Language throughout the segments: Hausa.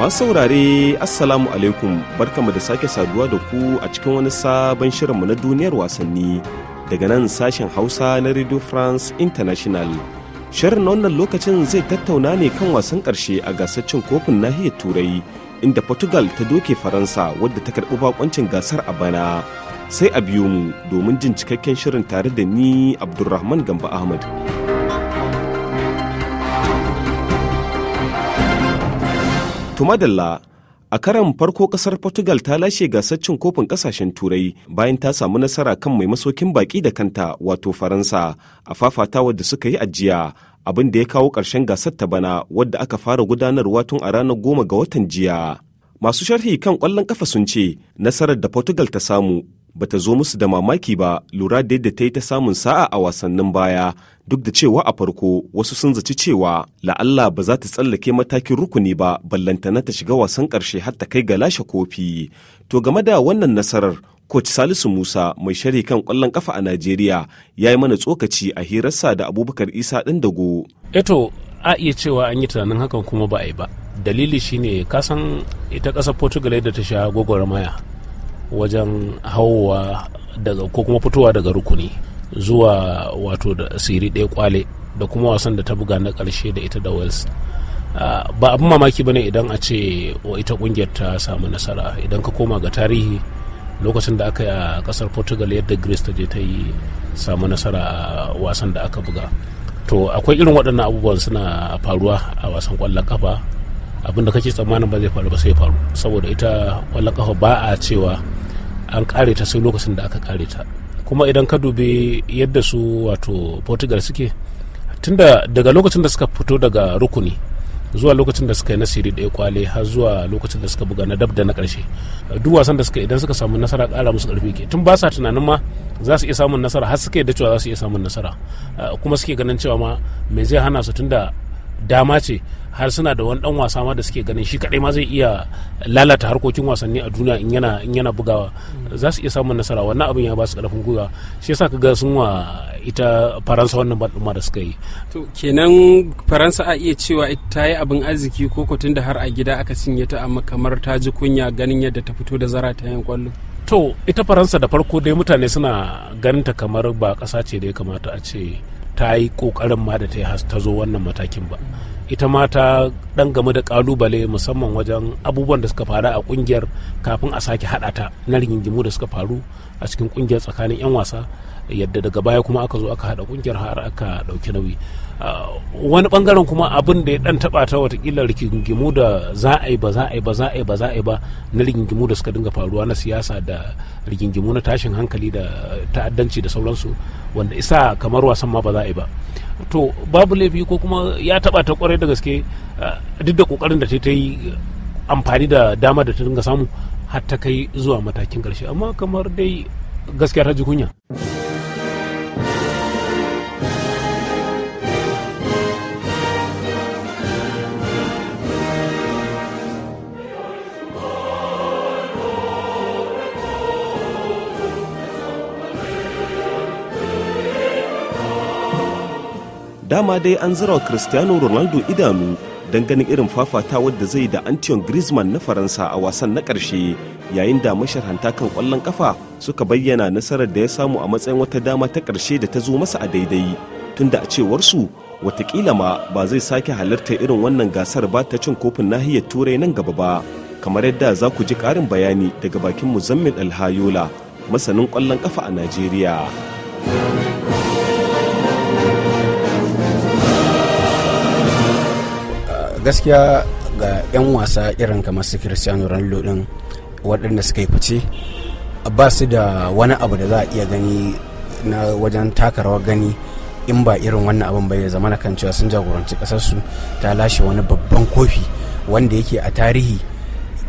Masu saurare Assalamu alaikum barkamu da sake saduwa da ku a cikin wani sabon shirinmu na duniyar wasanni daga nan sashen Hausa na Radio France International. Shirin na wannan lokacin zai tattauna ne kan wasan karshe a gasar cin kofin nahiyar Turai inda Portugal ta doke Faransa wadda ta karɓi bakoncin gasar a bana. Sai a biyo mu domin jin cikakken shirin tare da ni Abdulrahman Gamba Ahmad. Wato madalla a karan farko kasar Portugal ta lashe gasar kofin kasashen turai bayan ta samu nasara kan mai masokin baki da kanta wato Faransa a fafata da suka yi ajiya abin da ya kawo ƙarshen gasar ta bana wadda aka fara gudanarwa tun a ranar goma ga watan jiya. Masu sharhi kan ƙwallon ƙafa sun ce nasarar da Portugal ta samu ba ta zo musu da mamaki ba lura da yadda ta yi ta samun sa'a a wasannin baya duk da cewa a farko wasu sun zaci cewa la'alla ba za ta tsallake matakin rukuni ba ballantana ta shiga wasan ƙarshe har ta kai ga lashe kofi to game da wannan nasarar coach salisu musa mai shari kan kwallon kafa a najeriya ya yi mana tsokaci a hirarsa da abubakar isa ɗin dago eto a iya cewa an yi tunanin hakan kuma ba a yi ba dalili shine kasan ita ƙasar portugal da ta sha gwagwarmaya wajen hauwa daga ko kuma fitowa daga rukuni zuwa wato da siri ɗaya kwale da kuma wasan da ta buga na ƙarshe da ita da wales ah, ba abin mamaki ba ne idan a ce wa ita ƙungiyar ta samu nasara idan ka koma ga tarihi lokacin da aka yi a ƙasar portugal yadda greece ta je ta yi samu nasara a wasan da aka buga to akwai irin waɗannan abubuwan suna faruwa a wasan ƙwallon kafa abin da kake tsammanin ba zai faru ba sai faru saboda ita ƙwallon kafa ba a cewa an kare ta sai lokacin da aka kare ta kuma idan ka dubi yadda su wato portugal suke tunda daga lokacin da suka fito daga rukuni zuwa lokacin da suka yi nasiri ya kwale har zuwa lokacin da suka buga na dab da na karshe duk wasan da suka idan suka samu nasara kara musu karfi ke tun ba sa tunanin ma za su iya samun nasara har suka yi da cewa za su iya samun nasara kuma suke ganin cewa ma me zai hana su tunda dama ce har suna da wani dan wasa ma da suke ganin shi kadai ma zai iya lalata harkokin wasanni a duniya in yana bugawa za su iya samun nasara wannan abin ya ba su karfin gwiwa shi yasa kaga sun wa ita faransa wannan ma da suka yi to kenan faransa a iya cewa ita yi abin arziki ko ko da har a gida aka cinye ta amma kamar ta ji kunya ganin yadda ta fito da zara ta yin kwallo to ita faransa da farko dai mutane suna ganin ta kamar ba kasa ce da ya kamata a ce ta yi kokarin ma da ta yi ta zo wannan matakin ba ita ma ta dan game da kalubale musamman wajen abubuwan da suka faru a kungiyar kafin a sake haɗa ta na rigingimu da suka faru a cikin kungiyar tsakanin 'yan wasa yadda daga baya kuma aka zo aka hada ƙungiyar har aka ɗauki nauyi ah, wani bangaren kuma abin da ya dan taba ta watakila rigingimu da za a yi ba za a yi ba za a yi ba za a yi ba na rigingimu da suka dinga faruwa na siyasa da rigingimu na tashin hankali da ta'addanci da sauransu wanda isa kamar wasan ma ba za a yi ba to babu laifi ko kuma ya taɓa ta kwarai da gaske ah, duk da ƙoƙarin da ta yi amfani da dama da ta dinga samu har ta kai zuwa matakin karshe amma kamar dai gaskiya ta ji kunya dama dai an zira wa cristiano ronaldo idanu don ganin irin fafatawar da zai da antion griezmann na faransa a wasan na ƙarshe yayin da masharhanta kan kwallon kafa suka bayyana nasarar da ya samu a matsayin wata dama ta ƙarshe da ta zo masa a daidai tunda a cewarsu watakila ma ba zai sake halarta irin wannan gasar ba ta cin kofin nahiyar turai nan gaba ba kamar yadda za ku ji ƙarin bayani daga bakin muzammin alhayola masanin kwallon kafa a najeriya. gaskiya ga 'yan wasa irin kamar su cristiano ronaldo din waɗanda suka yi fice ba su da wani abu da za a iya gani na wajen taka gani in ba irin wannan abin bai zama na kan cewa sun jagoranci kasarsu ta lashe wani babban kofi wanda yake a tarihi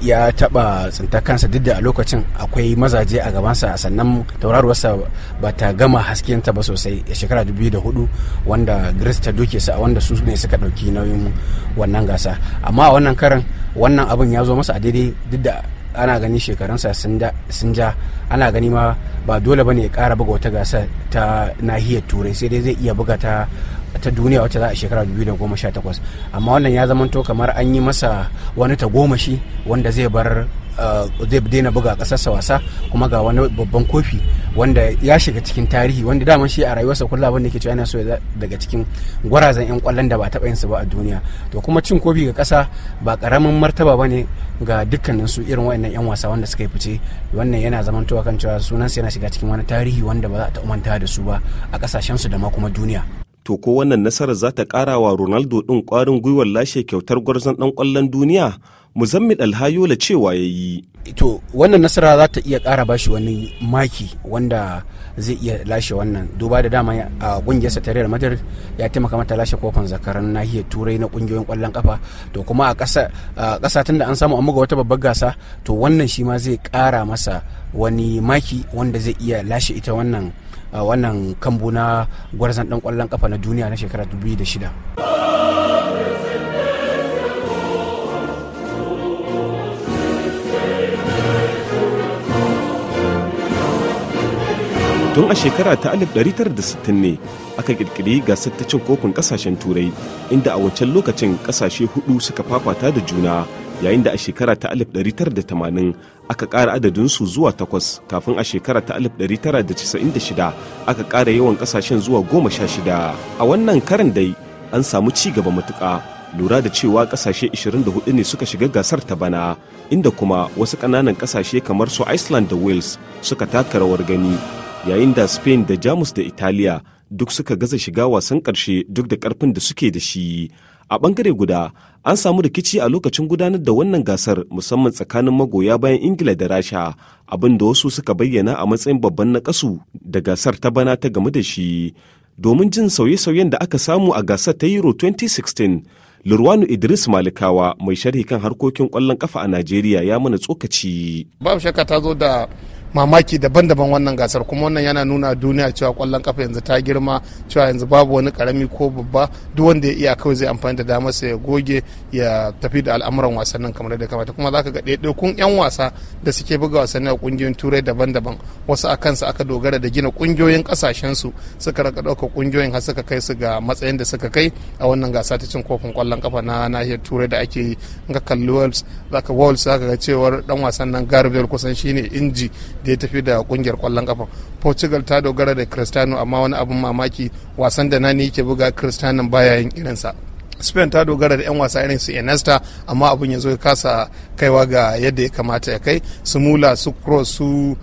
ya taba tsinta kansa duk da a lokacin akwai mazaje a gabansa a sannan tauraruwarsa ba ta gama ta ba sosai a shekara hudu wanda Grace ta doke su a wanda su ne suka dauki nauyin wannan gasa amma a wannan karan wannan abin ya zo masa a daidai duk da ana gani shekarunsa sun ja ana gani ma ba dole ba ne ya kara buga wata gasa ta nahiyar turai sai dai zai iya buga ta ta duniya wacce za a shekara 2018 amma wannan ya zamanto kamar an yi masa wani tagomashi wanda zai bar eh, zai daina buga ƙasarsa wasa kuma ga wani babban kofi wanda ya shiga cikin tarihi wanda daman shi a rayuwarsa kullum abin da ke cewa yana so daga cikin gwarazan 'yan kwallon da ba taɓa yin ba a duniya to kuma cin kofi ga ƙasa ba ƙaramin martaba ba ne ga dukkanin su irin waɗannan 'yan wasa wanda suka yi fice wannan yana a kan cewa sunansa yana shiga cikin wani tarihi wanda ba za a ta umanta da su ba a ƙasashensu da ma kuma duniya to ko wannan nasarar za ta kara wa Ronaldo din ƙwarin gwiwar lashe kyautar gwarzon ɗan kwallon duniya Muzammil Alhayola cewa ya yi. To wannan nasara za ta iya ƙara bashi wani maki wanda zai iya lashe wannan duba da dama a ƙungiyarsa ta Real Madrid ya taimaka mata lashe kofan zakaran nahiyar turai na ƙungiyoyin kwallon kafa to kuma a ƙasa tun da an samu an buga wata babbar gasa to wannan shi ma zai kara masa wani maki wanda zai iya lashe ita wannan wannan kambu na gwarzan dan kwallon kafa na duniya na shekarar 2006 tun a shekara ta 1960 ne aka kirkiri gasar ta cin kofin kasashen turai inda a wancan lokacin kasashe hudu suka fafata da juna yayin da a shekara ta 1980 aka ƙara su zuwa takwas kafin a shekara ta 1996 aka ƙara yawan ƙasashen zuwa goma sha shida a wannan karan dai an samu ci gaba matuka lura da cewa ƙasashe 24 ne suka shiga gasar ta bana inda kuma wasu ƙananan ƙasashe kamar su iceland da wales suka taka rawar gani yayin da spain da jamus da italiya duk suka gaza shiga wasan ƙarshe duk da ƙarfin da suke da shi a bangare guda an samu rikici a lokacin gudanar da wannan gasar musamman tsakanin magoya bayan ingila da rasha abin da wasu suka bayyana a matsayin babban nakasu da gasar ta bana ta game da shi domin jin sauye-sauyen da aka samu a gasar ta euro 2016 lurwanu idris malikawa mai sharhi kan harkokin kwallon kafa a najeriya ya mana tsokaci babu mamaki daban-daban wannan gasar kuma wannan yana nuna duniya cewa kwallon kafa yanzu ta girma cewa yanzu babu wani karami ko babba duk wanda ya iya kawai zai amfani da damar sa ya goge ya tafi da al'amuran wasannin kamar da kamata kuma zaka ga ɗaiɗaikun yan wasa da suke buga wasanni a kungiyoyin turai daban-daban wasu a kansu aka dogara da gina kungiyoyin kasashen su suka raka ɗauka kungiyoyin har suka kai su ga matsayin da suka kai a wannan gasa ta cin kofin kwallon kafa na nahiyar turai da ake yi in ka kalli wolves zaka wolves zaka ga cewar dan wasan nan garibel kusan shine inji da ya tafi da kungiyar kwallon kafa portugal ta dogara da cristiano amma wani abin mamaki wasan da nani yake buga cristiano baya yin irinsa spain ta dogara da 'yan wasa irin su enesta amma abin ya zo ya kasa kaiwa ga yadda ya kamata ya kai su mula su cross su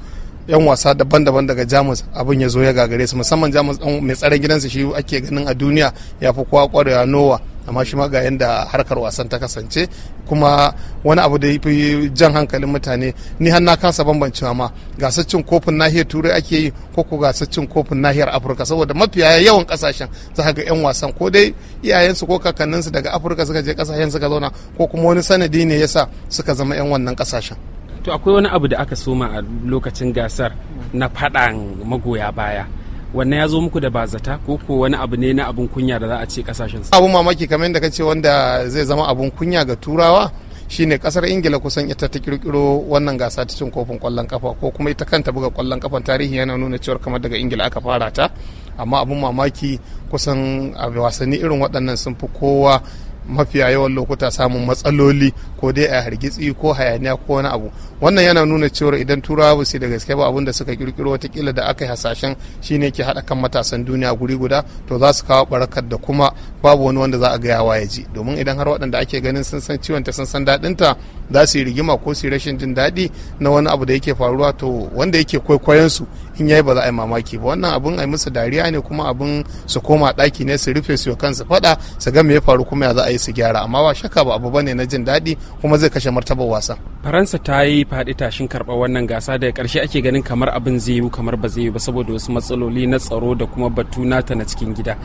yan wasa daban-daban daga jamus abin ya zo ya gagare su musamman jamus mai tsaron gidansa shi ake ganin a duniya ya fi kowa kwarewa nowa amma shi ma ga yanda harkar wasan ta kasance kuma wani abu da fi jan hankalin mutane ni har na kasa bambancewa ma gasar cin kofin nahiyar turai ake yi ko ko gasaccin kofin nahiyar afirka saboda mafiya yawan kasashen za ga yan wasan ko dai iyayensu ko kakanninsu daga afirka suka je kasashen suka zauna ko kuma wani sanadi ne yasa suka zama yan wannan kasashen to akwai wani abu da aka soma a lokacin gasar na faɗan magoya baya wannan ya zo muku da bazata ko ko wani abu ne na abun kunya da za a ce kasashen su abun mamaki kamar yadda kace wanda zai zama abun kunya ga turawa shine kasar ingila kusan ita ta kirkiro wannan gasa ta cin kofin kwallon kafa ko kuma ita kanta buga kwallon kafan tarihi yana nuna cewar kamar daga ingila aka fara ta amma abun mamaki kusan a wasanni irin waɗannan sun fi kowa mafiya yawan lokuta samun matsaloli ko dai a hargitsi ko hayaniya ko wani abu wannan yana nuna cewa idan turawa ba su da gaske ba abinda suka kirkiro watakila da aka yi hasashen shine ke haɗa kan matasan duniya guri guda to za su kawo barakar da kuma babu wani wanda za a gaya wa ya ji domin idan har waɗanda ake ganin sun san ciwon ta sun san daɗinta za su yi rigima ko su yi rashin jin daɗi na wani abu da yake faruwa to wanda yake kwaikwayon su in yayi ba za a yi mamaki ba wannan abun a yi musu dariya ne kuma abun su koma ɗaki ne su rufe su kansu faɗa su ga me ya faru kuma ya za a yi su gyara amma ba shakka ba abu bane na jin daɗi kuma zai kashe martabar wasan. faransa ta yi faɗi tashin karɓar wannan gasa daga ƙarshe ake ganin kamar abin zai yiwu kamar ba zai yiwu ba saboda wasu matsaloli na tsaro da kuma batu nata na cikin gida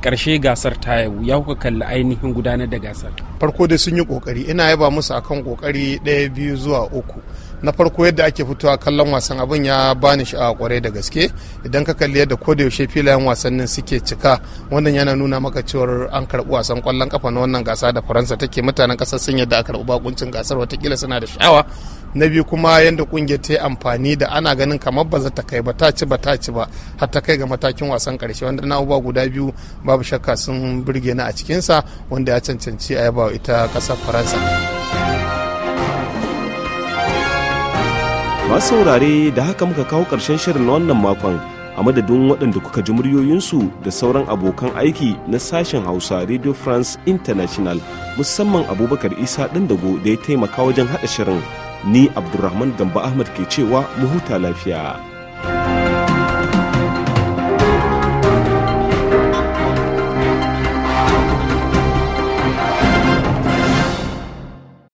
karshe gasar ta yau ya kuka kalli ainihin gudanar da gasar farko dai sun yi kokari ina yaba musu akan kokari ɗaya biyu zuwa uku na farko yadda ake fitowa kallon wasan abin ya bani sha'awa kwarai da gaske idan ka kalli yadda ko da yaushe filayen wasannin suke cika wannan yana nuna maka cewar an karbi wasan kwallon kafa na wannan gasa da faransa take mutanen kasar sun yadda a karbi bakuncin gasar watakila suna da sha'awa na biyu kuma yadda kungiyar ta yi amfani da ana ganin kamar ba za ta kai ba ta ci ba ta ci ba har ta kai ga matakin wasan karshe wanda na uba guda biyu babu shakka sun birge na a cikinsa wanda ya cancanci a yaba ita kasar faransa. masu saurare da haka muka kawo ƙarshen shirin na wannan makon a madadin waɗanda kuka ji muryoyinsu da sauran abokan aiki na sashen hausa radio france international musamman abubakar isa ɗin da ya taimaka wajen haɗa shirin ni abdulrahman gamba ahmad ke cewa mu huta lafiya